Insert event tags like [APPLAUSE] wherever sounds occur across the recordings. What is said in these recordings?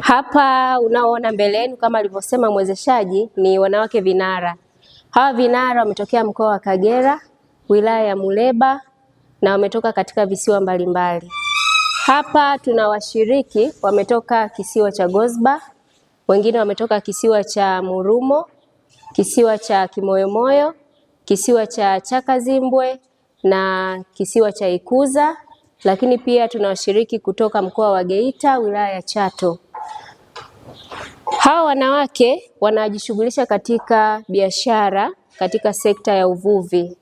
Hapa unaoona mbele yenu kama alivyosema mwezeshaji ni wanawake vinara. Hawa vinara wametokea mkoa wa Kagera, wilaya ya Muleba na wametoka katika visiwa mbalimbali. Hapa tuna washiriki wametoka kisiwa cha Gozba, wengine wametoka kisiwa cha Murumo, kisiwa cha Kimoyomoyo, kisiwa cha Chakazimbwe na kisiwa cha Ikuza, lakini pia tuna washiriki kutoka mkoa wa Geita, wilaya ya Chato. Hawa wanawake wanajishughulisha katika biashara katika sekta ya uvuvi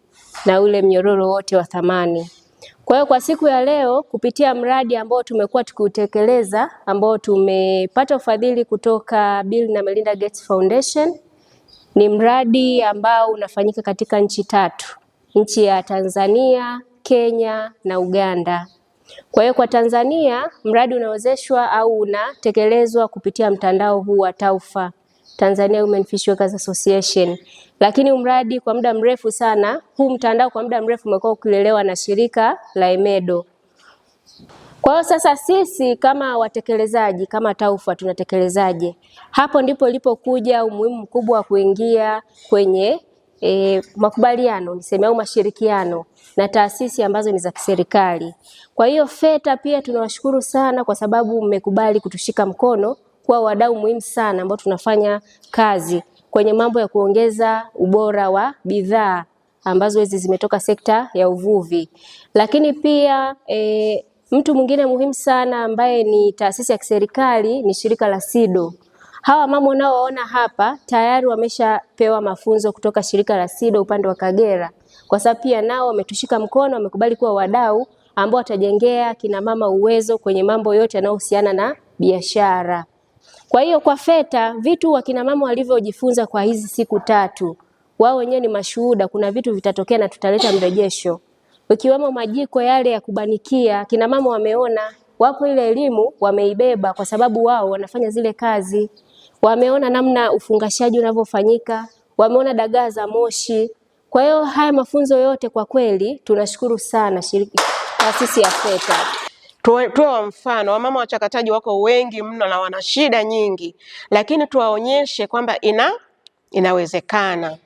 na ule mnyororo wote wa thamani. Kwa hiyo kwa siku ya leo kupitia mradi ambao tumekuwa tukiutekeleza ambao tumepata ufadhili kutoka Bill na Melinda Gates Foundation, ni mradi ambao unafanyika katika nchi tatu, nchi ya Tanzania, Kenya na Uganda. Kwa hiyo kwa Tanzania mradi unawezeshwa au unatekelezwa kupitia mtandao huu wa TAWFA, Tanzania Women Fish Workers Association. Lakini mradi kwa muda mrefu sana, huu mtandao kwa muda mrefu umekuwa ukilelewa na shirika la Emedo. Kwa hiyo sasa sisi kama watekelezaji kama TAWFA tunatekelezaje? Hapo ndipo ilipokuja umuhimu mkubwa wa kuingia kwenye e, makubaliano niseme au mashirikiano na taasisi ambazo ni za kiserikali. Kwa hiyo FETA pia tunawashukuru sana kwa sababu mmekubali kutushika mkono kuwa wadau muhimu sana ambao tunafanya kazi kwenye mambo ya kuongeza ubora wa bidhaa ambazo hizi zimetoka sekta ya uvuvi. Lakini pia e, mtu mwingine muhimu sana ambaye ni taasisi ya kiserikali ni shirika la SIDO. Hawa mama unaoona hapa tayari wameshapewa mafunzo kutoka shirika la SIDO upande wa Kagera, kwa sababu pia nao wametushika mkono, wamekubali kuwa wadau ambao watajengea kina mama uwezo kwenye mambo yote yanayohusiana na biashara. Kwa hiyo kwa feta vitu wakina mama walivyojifunza kwa hizi siku tatu, wao wenyewe ni mashuhuda. Kuna vitu vitatokea na tutaleta mrejesho, ikiwemo majiko yale ya kubanikia. Kina mama wameona, wapo ile elimu wameibeba, kwa sababu wao wanafanya zile kazi wameona namna ufungashaji unavyofanyika, wameona dagaa za moshi. Kwa hiyo haya mafunzo yote kwa kweli tunashukuru sana taasisi ya FETA. Tuwe wa mfano, wamama wachakataji wako wengi mno na wana shida nyingi, lakini tuwaonyeshe kwamba ina inawezekana.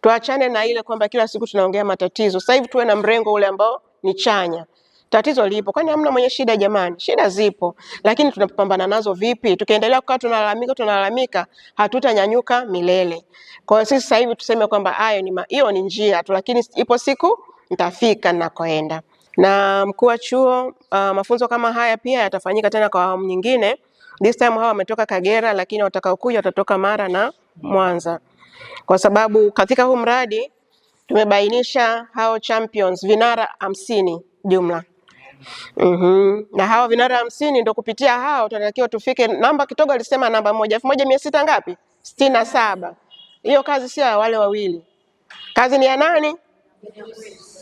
Tuachane na ile kwamba kila siku tunaongea matatizo. Sasa hivi tuwe na mrengo ule ambao ni chanya. Tatizo lipo, kwani hamna mwenye shida jamani? Shida zipo, lakini tunapambana nazo vipi? Tukiendelea kukaa tunalalamika tunalalamika, hatutanyanyuka milele. Kwa hiyo sisi sasa hivi tuseme kwamba hayo ni hiyo ni njia tu, lakini ipo siku nitafika ninakoenda. Na mkuu wa chuo uh, mafunzo kama haya pia yatafanyika tena kwa awamu nyingine. This time hawa wametoka Kagera, lakini watakaokuja watatoka Mara na Mwanza, kwa sababu katika huu mradi tumebainisha hao champions vinara hamsini jumla mm -hmm. na hawa vinara hamsini ndo kupitia hao tunatakiwa tufike namba kitogo alisema namba moja elfu moja mia sita ngapi sitini na saba. Hiyo kazi sio ya wale wawili, kazi ni ya nani?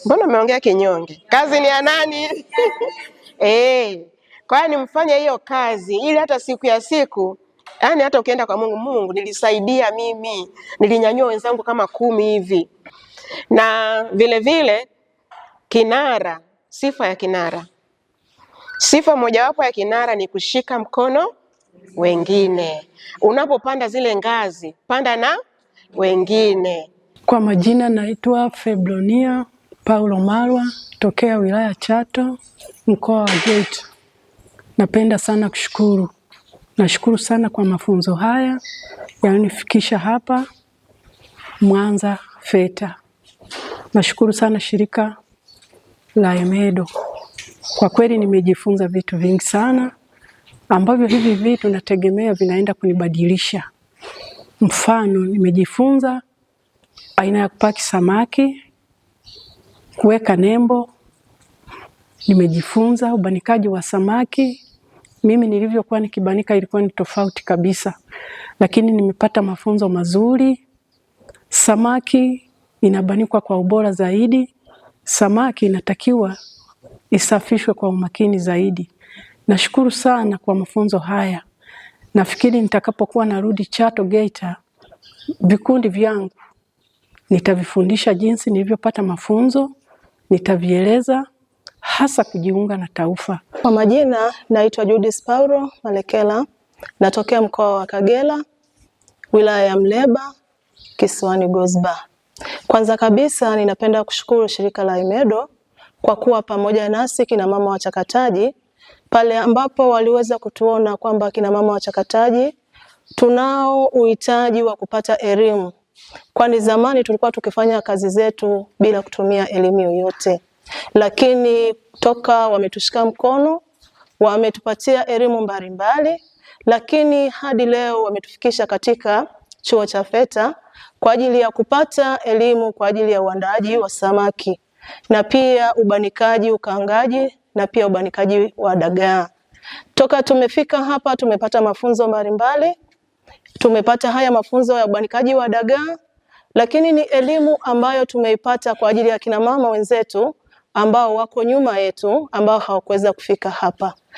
Mbona umeongea kinyonge? Kazi ni ya nani? [LAUGHS] Eh, kwa hiyo nimfanye hiyo kazi ili hata siku ya siku yaani hata ukienda kwa Mungu, Mungu nilisaidia mimi, nilinyanyua wenzangu kama kumi hivi. Na vilevile vile, kinara Sifa ya kinara. Sifa mojawapo ya kinara ni kushika mkono wengine. Unapopanda zile ngazi, panda na wengine. Kwa majina naitwa Febronia Paulo Marwa tokea wilaya Chato mkoa wa Geita. Napenda sana kushukuru, nashukuru sana kwa mafunzo haya yanifikisha hapa Mwanza FETA. Nashukuru sana shirika na Emedo. Kwa kweli nimejifunza vitu vingi sana ambavyo hivi vitu nategemea vinaenda kunibadilisha. Mfano, nimejifunza aina ya kupaki samaki, kuweka nembo, nimejifunza ubanikaji wa samaki. Mimi nilivyokuwa nikibanika ilikuwa ni tofauti kabisa, lakini nimepata mafunzo mazuri. Samaki inabanikwa kwa ubora zaidi, samaki inatakiwa isafishwe kwa umakini zaidi. Nashukuru sana kwa mafunzo haya. Nafikiri nitakapokuwa narudi Chato Geita, vikundi vyangu nitavifundisha jinsi nilivyopata mafunzo, nitavieleza hasa kujiunga na taufa Kwa majina naitwa Judith Paulo Malekela, natokea mkoa wa Kagera, wilaya ya Mleba, kisiwani Zanzibar. Kwanza kabisa ninapenda kushukuru shirika la Imedo kwa kuwa pamoja nasi kina mama wachakataji pale ambapo waliweza kutuona kwamba kina mama wachakataji tunao uhitaji wa kupata elimu, kwani zamani tulikuwa tukifanya kazi zetu bila kutumia elimu yoyote, lakini toka wametushika mkono wametupatia elimu mbalimbali, lakini hadi leo wametufikisha katika chuo cha VETA kwa ajili ya kupata elimu kwa ajili ya uandaaji wa samaki na pia ubanikaji, ukaangaji na pia ubanikaji wa dagaa. Toka tumefika hapa tumepata mafunzo mbalimbali, tumepata haya mafunzo ya ubanikaji wa dagaa, lakini ni elimu ambayo tumeipata kwa ajili ya kina mama wenzetu ambao wako nyuma yetu ambao hawakuweza kufika hapa.